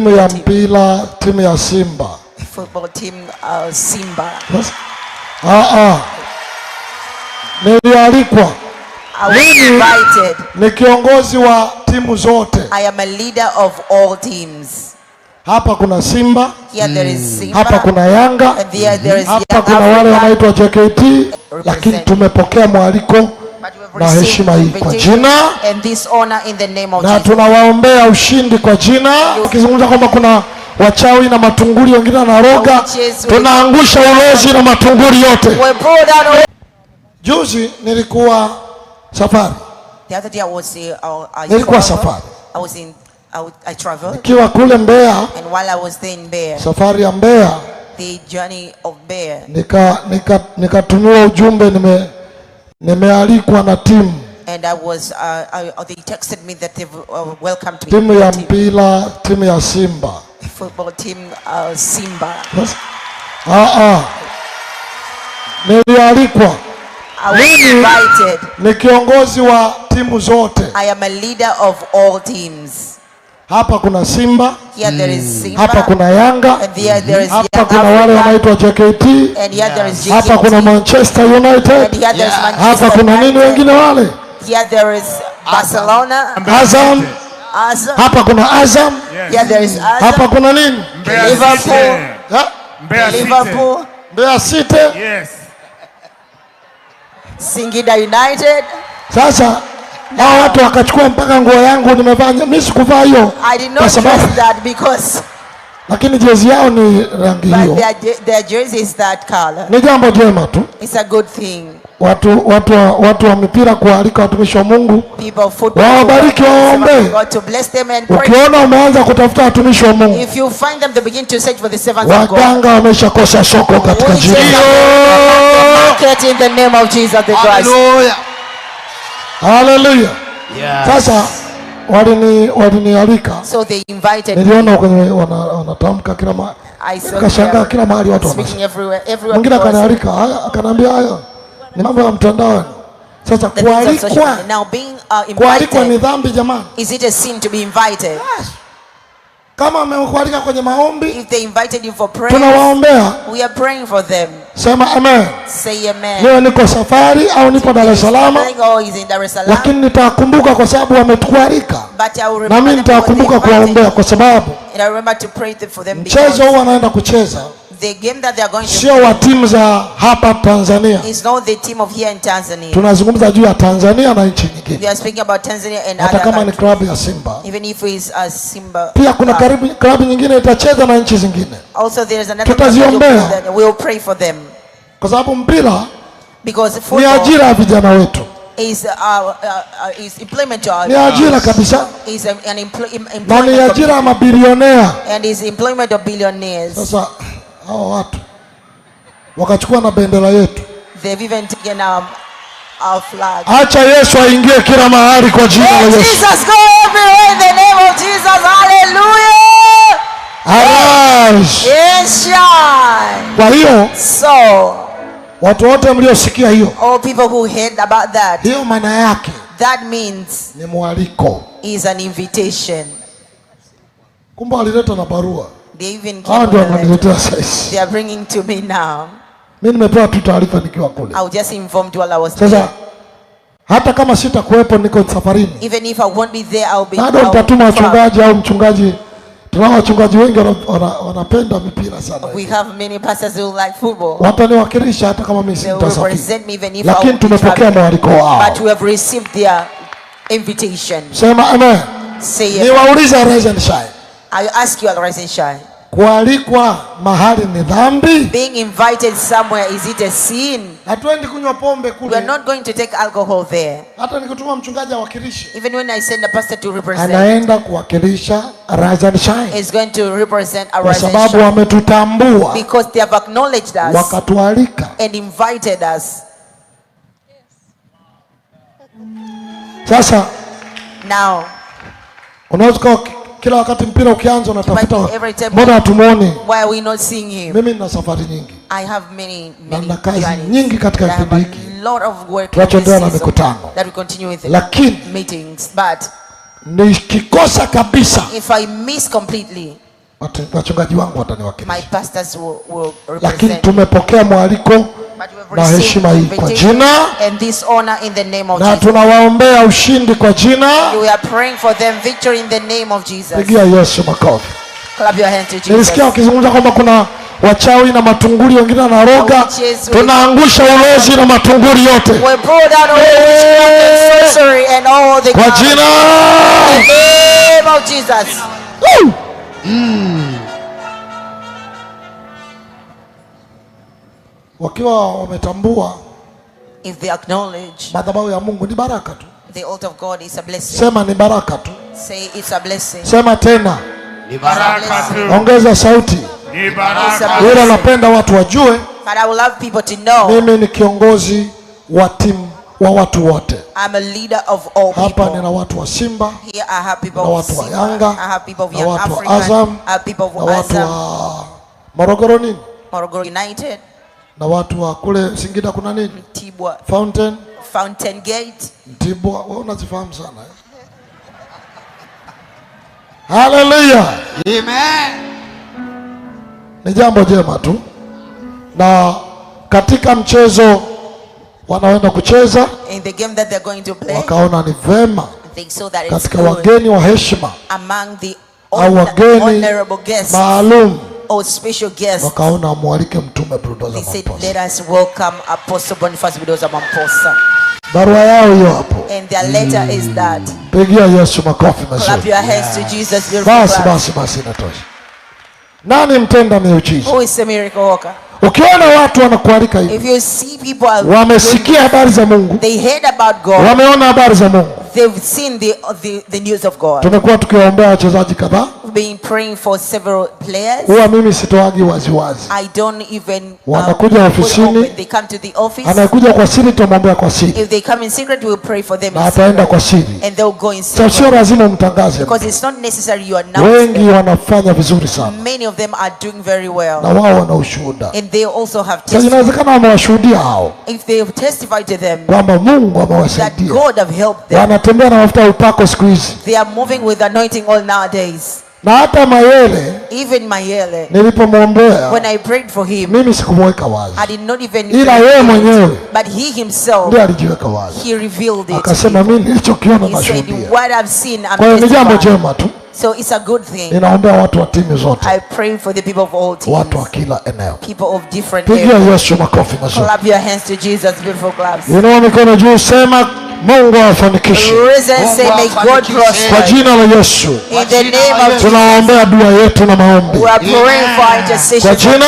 Timu ya mpira, timu ya Simba. Football team, uh, Simba. Ah, ah. Nilialikwa. Mimi ni kiongozi wa timu zote. I am a leader of all teams. Hapa kuna Simba. Here there is Simba. Hapa kuna Yanga. And There there is Hapa kuna wale wanaitwa JKT, lakini tumepokea mwaliko na heshima hii kwa jina, na tunawaombea ushindi kwa jina. Ukizungumza kwamba kuna wachawi na matunguli wengine wanaroga, oh, tunaangusha ulozi na matunguli yote. Juzi nilikuwa safari, uh, nilikuwa safari nikiwa kule mbea safari ya mbea nikatumiwa ujumbe nime Nimealikwa na timu timu ya mpira, timu ya Simba. Uh, ah, ah. Nilialikwa ni kiongozi wa timu zote. I am a leader of all teams. Hapa kuna mm. Simba, Hapa kuna Yanga mm-hmm. hapa Kuna wale wanaitwa JKT hapa kuna Manchester United hapa kuna nini wengine wale Azam. Hapa kuna Azam Hapa kuna nini Liverpool. Mbeya Liverpool. City. Yes. Singida United. Sasa hao watu wakachukua mpaka nguo yangu nimevaa. Mimi sikuvaa hiyo kwa sababu lakini jezi yao ni rangi hiyo. Ni jambo jema tu. It's a Watu, watu, watu wa mipira kualika watumishi wa Mungu wawabariki, waombe. Ukiona umeanza kutafuta watumishi wa Mungu, waganga wameshakosa soko katika jina Haleluya. Yeah. Sasa walini walinialika. So they invited. Niliona kwenye wanatamka kila mahali. Kashangaa kila mahali watu wanasema. Mwingine akanialika, akaniambia haya ni mambo ya mtandaoni. Sasa kualikwa. Now being uh, invited. Kualikwa ni dhambi jamani. Is it a sin to be invited? Yes. Kama amekualika kwenye maombi. If they invited you for prayer. Tunawaombea. We are praying for them. Sema amen. Say amen. Leo niko safari au nipo Dar es Salaam, lakini nitakumbuka kwa sababu wametualika, na mimi nitakumbuka kuwaombea kwa sababu mchezo huu anaenda kucheza sio wa timu za hapa Tanzania. Tunazungumza juu ya Tanzania na nchi nyingine, hata kama ni klabu ya Simba. Simba pia kuna klabu nyingine itacheza na nchi zingine, tutaziombea kwa sababu mpira ni ajira ya vijana wetu is, uh, uh, uh, is employment to our, ni ajira kabisa is an employment na ni ajira ya mabilionea and is employment of billionaires. Sasa hawa watu wakachukua na bendera yetu, they've even taken um, Acha Yesu aingie kila mahali kwa jina la Yesu. Jesus go everywhere in the name of Jesus. Hallelujah. Yes, Kwa hiyo so Watu wote mliosikia hiyo, all people who heard about that, hiyo maana yake that means ni mwaliko, is an invitation. Kumbe walileta na barua, they even came, ndio wananiletea sasa, they are bringing to me now. Mimi nimepewa tu taarifa nikiwa kule, I was just informed while I was there. Sasa hata kama sitakuwepo, niko safarini, even if I won't be there, I'll be bado nitatuma wachungaji au mchungaji tuna wachungaji wengi wanapenda mipira sana. We have many pastors who like football. hata kama mimi Lakini tumepokea mwaliko wao. But we have received their invitation. Sema amen. Say Niwaulize arise and shine. I ask you arise and shine. Kualikwa mahali ni dhambi? Being invited somewhere is it a sin? Hatuendi kunywa pombe kule. We are not going to take alcohol there. Hata mchungaji awakilishe. Even when I send a pastor to represent. Anaenda kuwakilisha and Shine. Is going to represent Arise and Shine. Kwa sababu wametutambua. Because they have acknowledged us. Wakatualika. And invited us. Sasa. Now. Unaweza kila wakati mpira ukianza unatafuta mbona hatumuone? Mimi nina safari nyingi na nina kazi nyingi katika kipindi hiki tunachoendelea na mikutano, lakini nikikosa kabisa wachungaji wangu wataniwakilisha, lakini tumepokea mwaliko na heshima hii kwa jina, na tunawaombea ushindi kwa jina. Pigia Yesu makofi. Nilisikia wakizungumza kwamba kuna wachawi na matunguli wengine wanaroga, oh, tunaangusha ulozi na matunguri yote kwa jina. wakiwa wametambua if they acknowledge madhabahu ya Mungu ni baraka tu. The altar of God is a blessing. Sema ni baraka tu. Say it's a blessing. Sema tena ni baraka tu. Ongeza sauti ni baraka. tu Ila napenda watu wajue, but I would love people to know, mimi ni kiongozi wa timu wa watu wote. I'm a leader of all people. Hapa nina watu wa Simba, Here I have people na watu wa Yanga, I have people of Young Africa, I have people of Azam, na watu wa Morogoro nini, Morogoro United na watu wa kule Singida kuna nini? Mtibwa. Fountain. Fountain Gate. Mtibwa, wewe unazifahamu sana eh? Haleluya. Amen. Ni jambo jema tu, na katika mchezo wanaenda kucheza In the game that they're going to play, wakaona ni vema so katika wageni wa heshima Among the honorable guests. maalum or special guest. Wakaona mwalike mtume Bulldozer They said, let us welcome Apostle Boniface Bulldozer Mamposa. Barua yao hiyo hapo. And their letter mm. is that. Pigia Yesu makofi mazuri. Clap your hands to Jesus. Beautiful Basi clap. basi basi inatosha. Nani mtenda miujiza? Who is a miracle worker? Ukiona watu wanakualika hivi. If you see people are wamesikia habari za Mungu. They heard about God. Wameona habari za Mungu. They've seen the, the, the news of God. Tumekuwa tukiwaombea wachezaji kadhaa been praying for several players. Huwa mimi sitoagi waziwazi. I don't even um, wanakuja um, ofisini. They come to the office. Anakuja kwa siri tumwombea kwa siri. If they come in secret we'll pray for them. Ataenda kwa siri. And they'll go in secret. Sio lazima mtangaze. Because it's not necessary you announce. Wengi wanafanya vizuri sana. Many of them are doing very well. Na wao wana ushuhuda. And they also have testimony. inawezekana wamewashuhudia hao. If they have testified to them. Kwamba Mungu amewasaidia. That God have helped them. Wanatembea na mafuta upako siku hizi. They are moving with anointing all nowadays na hata Mayele even Mayele nilipomwombea, when I prayed for him, mimi sikumweka wazi, I did not even ila yeye mwenyewe, but he himself ndiye alijiweka wazi, he revealed it, akasema mimi nilichokiona nashuhudia, what I've seen, I'm kwa ni jambo jema tu. So it's a good thing. Ninaombea watu wa timu zote. I pray for the people of all teams. Watu wa kila eneo. People of different areas. Pigia Yesu makofi mazuri. Clap your hands to Jesus before claps. Inua mikono juu sema Mungu awafanikishe kwa jina la Yesu. Tunaombea dua yetu na maombi kwa jina